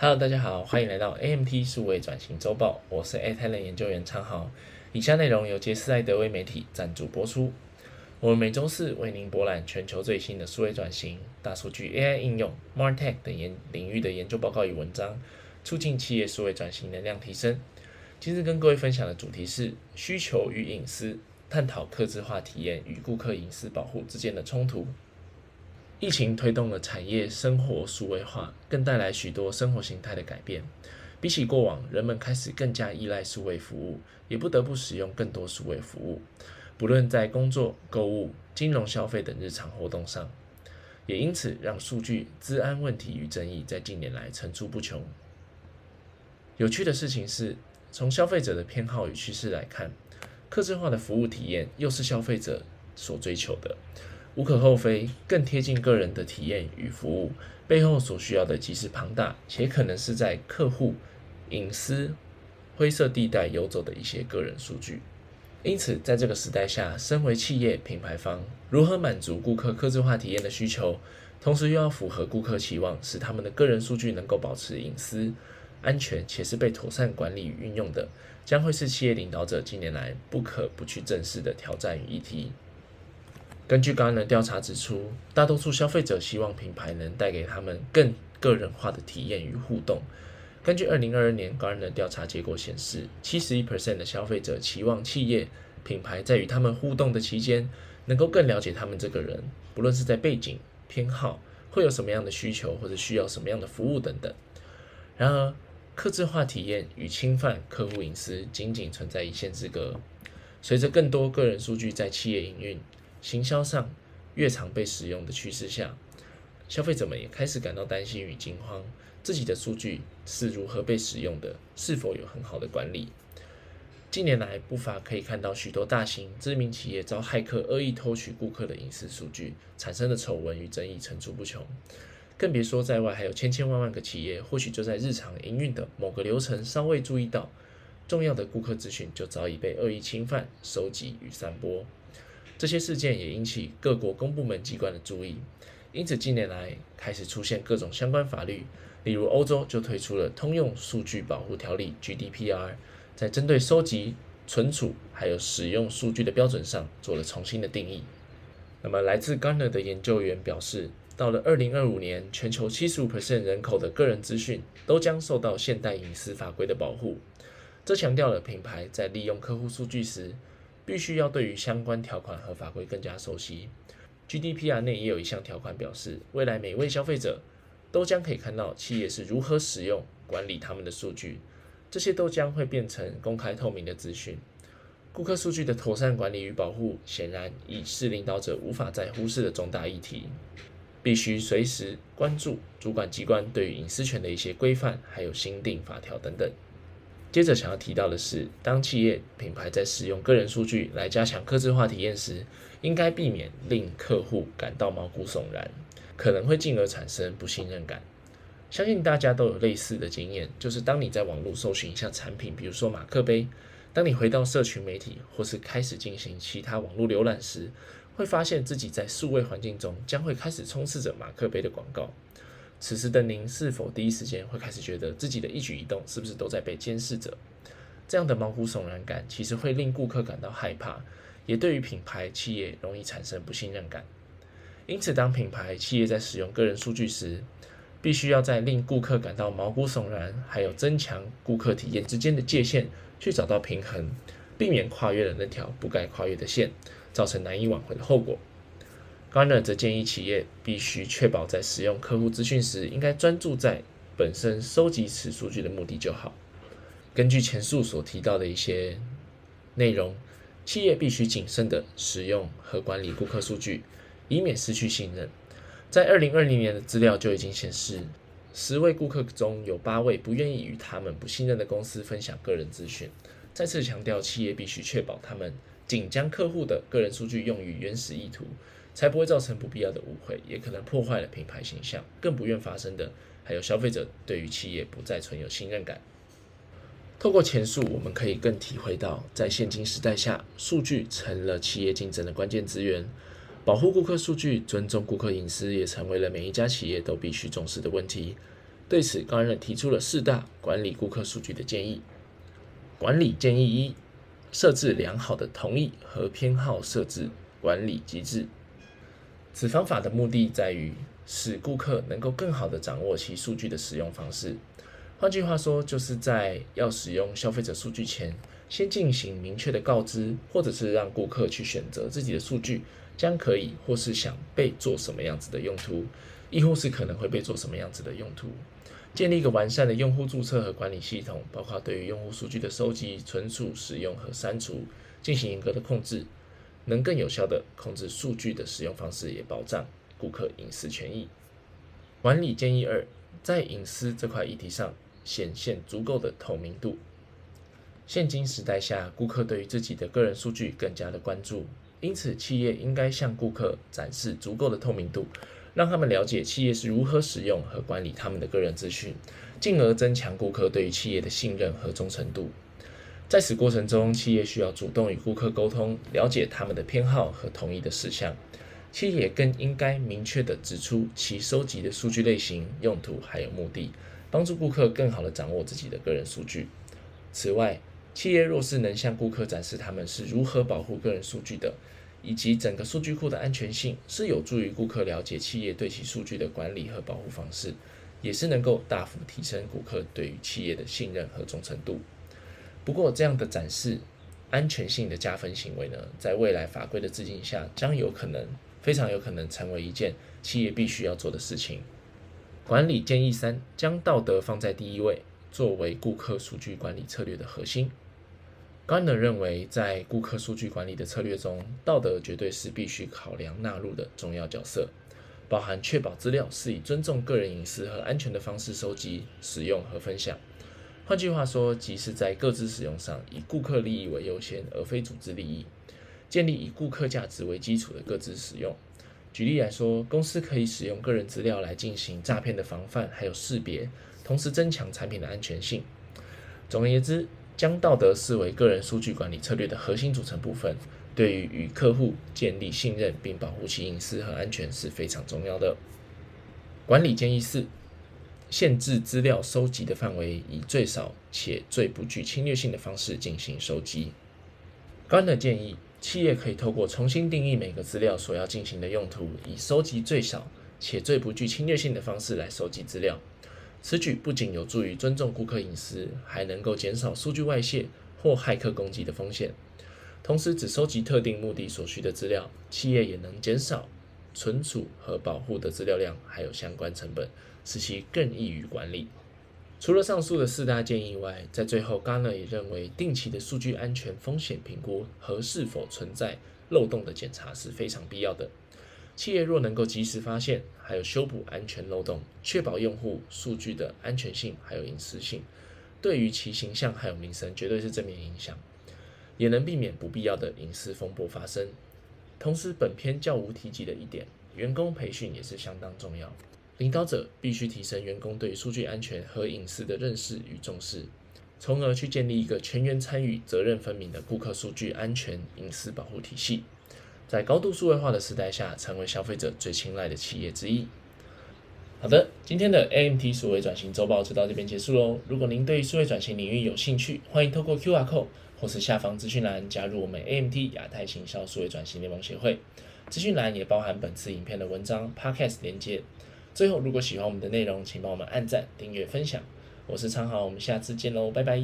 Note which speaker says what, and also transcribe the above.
Speaker 1: Hello，大家好，歡迎來到 AMT 數位轉型週報，我是 Atalent 研究員昌豪。以下內容由傑斯·愛德威媒體贊助播出。我們每週四為您博覽全球最新的數位轉型、大數據、AI 應用、MarTech 等領研領域的研究報告與文章，促進企業數位轉型能量提升。今日跟各位分享的主題是需求與隱私，探討客製化體驗與顧客隱私保護之間的衝突。疫情推動了產業、生活數位化，更帶來許多生活形態的改變。比起過往，人們開始更加依賴數位服務，也不得不使用更多數位服務，不論在工作、購物、金融消費等日常活動上。也因此，讓數據、資安問題與爭議在近年來層出不窮。有趣的事情是，從消費者的偏好與趨勢來看，客制化的服務體驗又是消費者所追求的。無可厚非，更貼近個人的體驗與服務背後所需要的，即是龐大且可能是在客戶隱私灰色地帶遊走的一些個人數據。因此，在這個時代下，身為企業品牌方，如何滿足顧客客制化體驗的需求，同時又要符合顧客期望，使他們的個人數據能夠保持隱私、安全且是被妥善管理與運用的，將會是企業領導者近年來不可不去正視的挑戰與議題。根據 Gartner 調查指出，大多數消費者希望品牌能帶給他們更個人化的體驗與互動。根據二零二二年 Gartner 調查結果顯示，七十一 percent 的消費者期望企業品牌在與他們互動的期間，能夠更了解他們這個人，不論是在背景、偏好，會有什麼樣的需求或者需要什麼樣的服務等等。然而，客制化體驗與侵犯客戶隱私僅僅存在一線之隔。隨着更多個人數據在企業營運，行銷上越常被使用的趨勢下，消費者們也開始感到擔心與驚慌，自己的數據是如何被使用的，是否有很好的管理？近年來，不乏可以看到許多大型知名企業遭駭客惡意偷取顧客的隱私數據，產生的醜聞與爭議層出不窮。更別說在外還有千千萬萬個企業，或許就在日常營運的某個流程稍微注意到，重要的顧客資訊就早已被惡意侵犯、收集與散播。這些事件也引起各國公部門機關的注意，因此近年來開始出現各種相關法律，例如歐洲就推出了通用數據保護條例 （GDPR），在針對收集、存儲還有使用數據的標準上做了重新的定義。那麼來自 g a r n e r 的研究員表示，到了2025年，全球75%人口的個人資訊都將受到現代隱私法規的保護，這強調了品牌在利用客戶數據時，必須要對於相關條款和法規更加熟悉。GDPR 內也有一項條款表示，未來每位消費者都將可以看到企業是如何使用、管理他們的數據，這些都將會變成公開透明的資訊。顧客數據的妥善管理與保護，顯然已是領導者無法再忽視的重大議題，必須隨時關注主管機關對於隱私權的一些規範，還有新訂法條等等。接着想要提到的是，當企業品牌在使用個人數據來加強客製化體驗時，應該避免令客戶感到毛骨悚然，可能會進而產生不信任感。相信大家都有類似的經驗，就是當你在網絡搜尋一項產品，比如說馬克杯，當你回到社群媒體或是開始進行其他網絡瀏覽時，會發現自己在數位環境中將會開始充斥着馬克杯的廣告。此時的您是否第一時間會開始覺得自己的一舉一動是不是都在被監視着？這樣的毛骨悚然感其實會令顧客感到害怕，也對於品牌企業容易產生不信任感。因此，當品牌企業在使用個人數據時，必須要在令顧客感到毛骨悚然，還有增強顧客體驗之間的界限去找到平衡，避免跨越了那條不該跨越的線，造成難以挽回的後果。Gartner 則建議企業必須確保在使用客戶資訊時，應該專注在本身收集此數據的目的就好。根據前述所提到的一些內容，企業必須謹慎的使用和管理顧客數據，以免失去信任。在二零二零年的資料就已經顯示，十位顧客中有八位不願意與他們不信任的公司分享個人資訊。再次強調，企業必須確保他們僅將客戶的個人數據用於原始意圖，才不會造成不必要的誤會，也可能破壞了品牌形象。更不願發生的，還有消費者對於企業不再存有信任感。透過前述，我們可以更體會到，在現今時代下，數據成了企業競爭的關鍵資源。保護顧客數據、尊重顧客隱私，也成為了每一家企業都必須重視的問題。對此，高任提出了四大管理顧客數據的建議。管理建議一：設置良好的同意和偏好設置管理機制。此方法的目的在於使顧客能夠更好地掌握其數據的使用方式。換句話說，就是在要使用消費者數據前，先進行明確的告知，或者是讓顧客去選擇自己的數據，將可以或是想被做什麼樣子的用途，亦或是可能會被做什麼樣子的用途。建立一個完善的用戶註冊和管理系統，包括對於用戶數據的收集、存儲、使用和刪除進行嚴格的控制，能更有效地控制數據的使用方式，也保障顧客隱私權益。管理建議二，在隱私這塊議題上，顯現足夠的透明度。現今時代下，顧客對於自己的個人數據更加的關注，因此企業應該向顧客展示足夠的透明度，讓他們了解企業是如何使用和管理他們的個人資訊，進而增強顧客對於企業的信任和忠誠度。在此過程中，企業需要主動與顧客溝通，了解他們的偏好和同意的事項。企業更應該明確地指出其收集的數據類型、用途還有目的，幫助顧客更好地掌握自己的個人數據。此外，企業若是能向顧客展示他們是如何保護個人數據的，以及整個數據庫的安全性，是有助於顧客了解企業對其數據的管理和保護方式，也是能夠大幅提升顧客對於企業的信任和忠誠度。不過，這樣的展示安全性的加分行為呢，在未來法規的制定下，將有可能非常有可能成為一件企業必須要做的事情。管理建議三：將道德放在第一位，作為顧客數據管理策略的核心。Gartner 認為，在顧客數據管理的策略中，道德絕對是必須考量納入的重要角色，包含確保資料是以尊重個人隱私和安全的方式收集、使用和分享。換句話說，即是在個資使用上以顧客利益為優先，而非組織利益，建立以顧客價值為基礎的個資使用。舉例來說，公司可以使用個人資料來進行詐騙的防範、還有識別，同時增強產品的安全性。總而言之，將道德視為個人數據管理策略的核心組成部分，對於與客戶建立信任並保護其隱私和安全是非常重要的。管理建議是。限制資料收集的範圍，以最少且最不具侵略性的方式進行收集。Gartner 建議，企業可以透過重新定義每個資料所要進行的用途，以收集最少且最不具侵略性的方式來收集資料。此舉不僅有助於尊重顧客隱私，還能夠減少數據外洩或駭客攻擊的風險。同時，只收集特定目的所需的資料，企業也能減少。存儲和保護的資料量，還有相關成本，使其更易於管理。除了上述的四大建議外，在最後，Gartner 也認為定期的數據安全風險評估和是否存在漏洞的檢查是非常必要的。企業若能夠及時發現，還有修補安全漏洞，確保用戶數據的安全性還有隱私性，對於其形象還有名聲絕對是正面影響，也能避免不必要的隱私風波發生。同時，本篇較無提及的一點，員工培訓也是相當重要。領導者必須提升員工對數據安全和隱私的認識與重視，從而去建立一個全員參與、責任分明的顧客數據安全隱私保護體系，在高度數位化的時代下，成為消費者最青睞的企業之一。好的，今天的 AMT 數位轉型週報就到這邊結束嘍。如果您對數位轉型領域有興趣，歡迎透過 QR code 或是下方資訊欄加入我們 AMT 亞太行銷數位轉型聯盟協會。資訊欄也包含本次影片的文章、Podcast 連結。最後，如果喜歡我們的內容，請幫我們按讚、訂閱、分享。我是昌豪，我們下次見嘍，拜拜。